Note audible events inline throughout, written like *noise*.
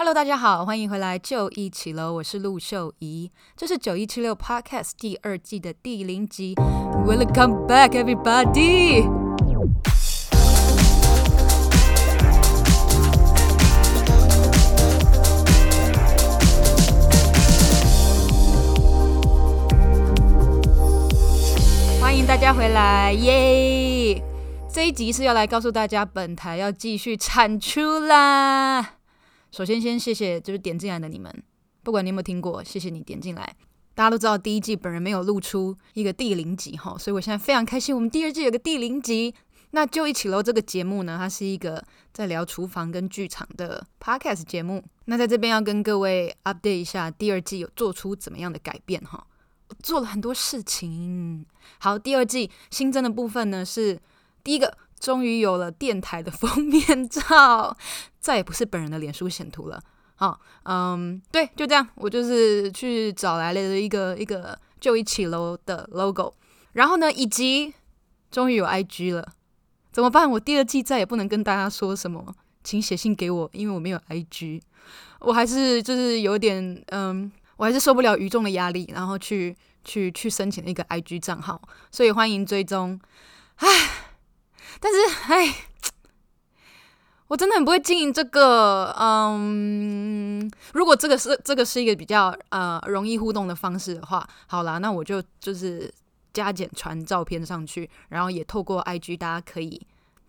Hello，大家好，歡迎回來就一起嘍！我是陸秀怡。這是九一七六 Podcast 第二季的第零集，Welcome back everybody！歡迎大家回來耶！Yeah! 這一集是要來告訴大家，本台要繼續產出啦！首先，先謝謝就是點進來的你們，不管你有沒有聽過，謝謝你點進來。大家都知道第一季本人沒有錄出一個第零集哈，所以我現在非常開心，我們第二季有個第零集，那就一起嘍。這個節目呢，它是一個在聊廚房跟劇場的 podcast 節目。那在這邊要跟各位 update 一下，第二季有做出怎麼樣的改變哈，做了很多事情。好，第二季新增的部分呢是第一個。終於有了電台的封面照，再也不是本人的臉書顯圖了。好，哦，嗯，對，就這樣，我就是去找來了一個一個就一起樓的 logo。然後呢，以及終於有 IG 了，怎麼辦？我第二季再也不能跟大家說什麼，請寫信給我，因為我沒有 IG。我還是就是有點嗯，我還是受不了輿眾的壓力，然後去去去申請了一個 IG 賬號，所以歡迎追蹤。唉。但是，哎，我真的很不會經營這個。嗯，如果這個是這個是一個比較呃容易互動的方式的話，好啦，那我就就是加減傳照片上去，然後也透過 IG 大家可以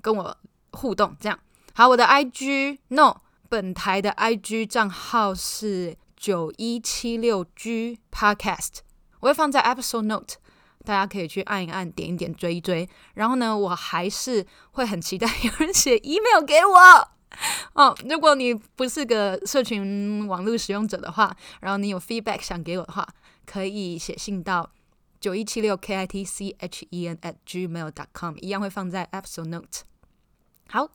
跟我互動。這樣。好，我的 IG No，本台的 IG 賬號是九一七六 G Podcast，我會放在 Episode Note。大家可以去按一按、點一點、追一追。然後呢，我還是會很期待有人寫 email 給我。哦，如果你不是個社群網絡使用者的話，然後你有 feedback 想給我的話，可以寫信到九一七六 kitchen at gmail dot com，一樣會放在 episode note。好，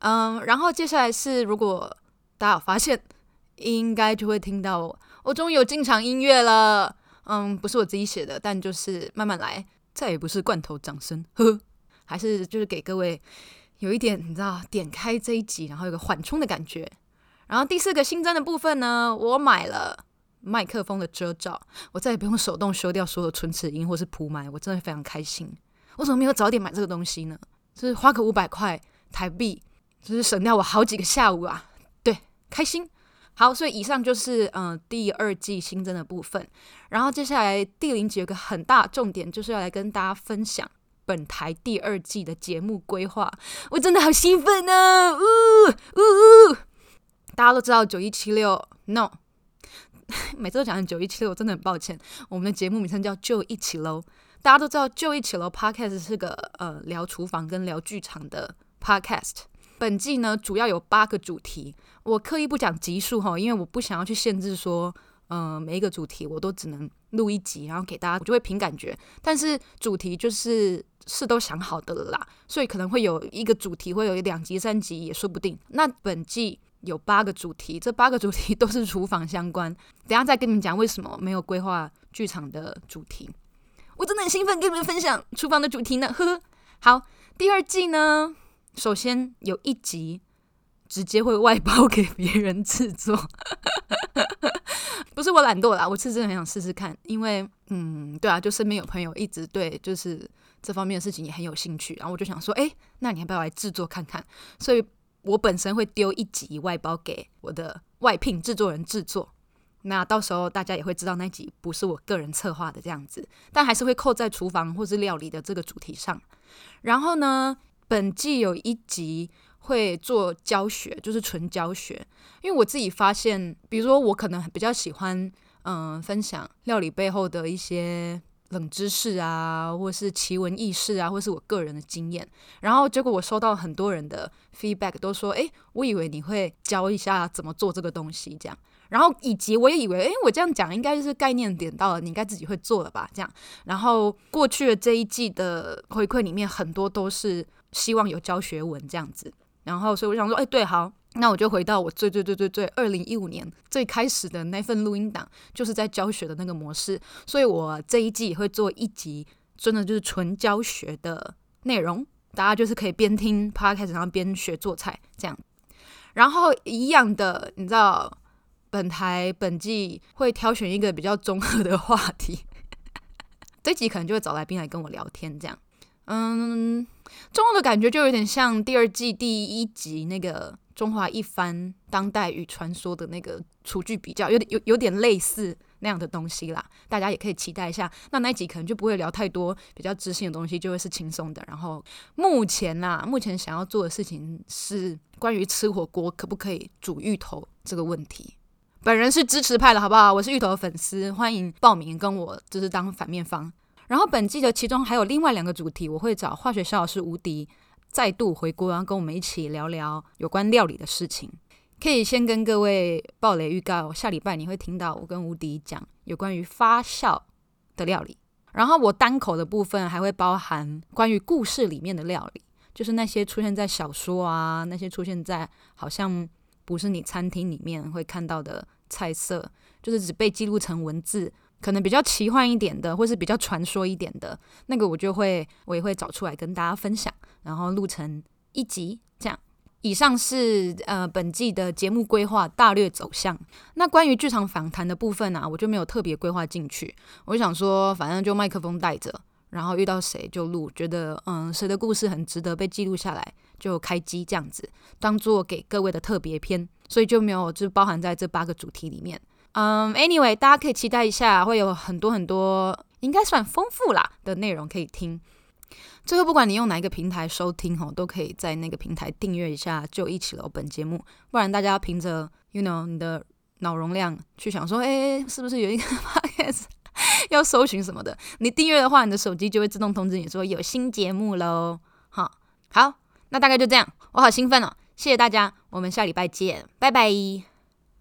嗯，然後接下來是，如果大家有發現，應該就會聽到我，我、哦、終於有進場音樂了。嗯，不是我自己寫的，但就是慢慢來，再也不是罐頭掌聲，呵呵，還是就是給各位有一點你知道，點開這一集，然後有個緩衝的感覺。然後第四個新增的部分呢，我買了麥克風的遮罩，我再也不用手動修掉所有唇齒音或是噴麥，我真的非常開心。我怎麼沒有早點買這個東西呢？就是花個五百塊台幣，就是省掉我好幾個下午啊，對，開心。好，所以以上就是嗯、呃、第二季新增的部分。然後接下來第零節有個很大重點，就是要來跟大家分享本台第二季的節目規劃。我真的好興奮啊！嗚嗚嗚，嗚！大家都知道九一七六，No，每次都講九一七六，我真的很抱歉。我們的節目名稱叫《就一起嘍》。大家都知道《就一起嘍》Podcast 是個呃聊廚房跟聊劇場的 Podcast。本季呢，主要有八個主題。我刻意不講集數哈，因為我不想要去限制說，嗯、呃，每一個主題我都只能錄一集，然後給大家我就會憑感覺。但是主題就是是都想好的了啦，所以可能會有一個主題會有兩集、三集也說不定。那本季有八個主題，這八個主題都是廚房相關。等一下再跟你們講為什麼沒有規劃劇場的主題。我真的很興奮跟你們分享廚房的主題呢，呵呵。好，第二季呢？首先有一集直接會外包給別人制作， *laughs* 不是我懶惰啦，我是真的很想試試看，因為嗯，對啊，就身邊有朋友一直對就是這方面的事情也很有興趣，然後我就想說，誒、欸，那你要不要來制作看看？所以我本身會丟一集外包給我的外聘制作人制作，那到時候大家也會知道那集不是我個人策劃的這樣子，但還是會扣在廚房或是料理的這個主題上，然後呢？本季有一集會做教學，就是純教學。因為我自己發現，比如說我可能比較喜歡，嗯、呃，分享料理背後的一些冷知識啊，或是奇聞異事啊，或是我個人的經驗。然後結果我收到很多人的 feedback，都說：“欸，我以為你會教一下怎麼做這個東西，這樣。”然後以及我也以為：“欸，我這樣講應該就是概念點到了，你應該自己會做了吧？”這樣。然後過去的這一季的回饋裡面，很多都是。希望有教學文這樣子，然後所以我想說，哎、欸，對，好，那我就回到我最最最最最二零一五年最開始的那份錄音檔，就是在教學的那個模式。所以，我這一季會做一集，真的就是純教學的內容，大家就是可以邊聽 podcast，然後邊學做菜這樣。然後一樣的，你知道，本台本季會挑選一個比較綜合的話題， *laughs* 這一集可能就會找來賓來跟我聊天這樣。嗯，中文的感覺就有點像第二季第一集那個《中華一番》當代與傳說的那個廚具比較，有點有有點類似那樣的東西啦。大家也可以期待一下。那那一集可能就不會聊太多比較知性的東西，就會是輕鬆的。然後目前呢，目前想要做的事情是關於吃火鍋可不可以煮芋頭這個問題。本人是支持派的，好不好？我是芋頭的粉絲，歡迎報名跟我就是當反面方。然後本季的其中還有另外兩個主題，我會找化學小老師吳迪再度回歸，然後跟我們一起聊聊有關料理的事情。可以先跟各位爆雷預告，下禮拜你會聽到我跟吳迪講有關於發酵的料理。然後我單口的部分還會包含關於故事裡面的料理，就是那些出現在小說啊，那些出現在好像不是你餐廳裡面會看到的菜色，就是只被記錄成文字。可能比較奇幻一點的，或是比較傳說一點的那個，我就會我也會找出來跟大家分享，然後錄成一集這樣。以上是呃本季的節目規劃大略走向。那關於劇場訪談的部分呢、啊，我就沒有特別規劃進去。我就想說，反正就麥克風帶着，然後遇到誰就錄，覺得嗯誰的故事很值得被記錄下來，就開機這樣子，當做給各位的特別篇，所以就沒有就包含在這八個主題裡面。嗯、um，Anyway，大家可以期待一下，會有很多很多，應該算豐富啦的內容可以聽。最後，不管你用哪一個平台收聽哦，都可以在那個平台訂閱一下就一起了我本節目。不然大家要憑着，you know，你的腦容量去想說，哎，是不是有一個 podcast 要搜尋什麼的？你訂閱的話，你的手機就會自動通知你說有新節目嘍。好，好，那大概就這樣，我好興奮哦！謝謝大家，我們下禮拜見，拜拜。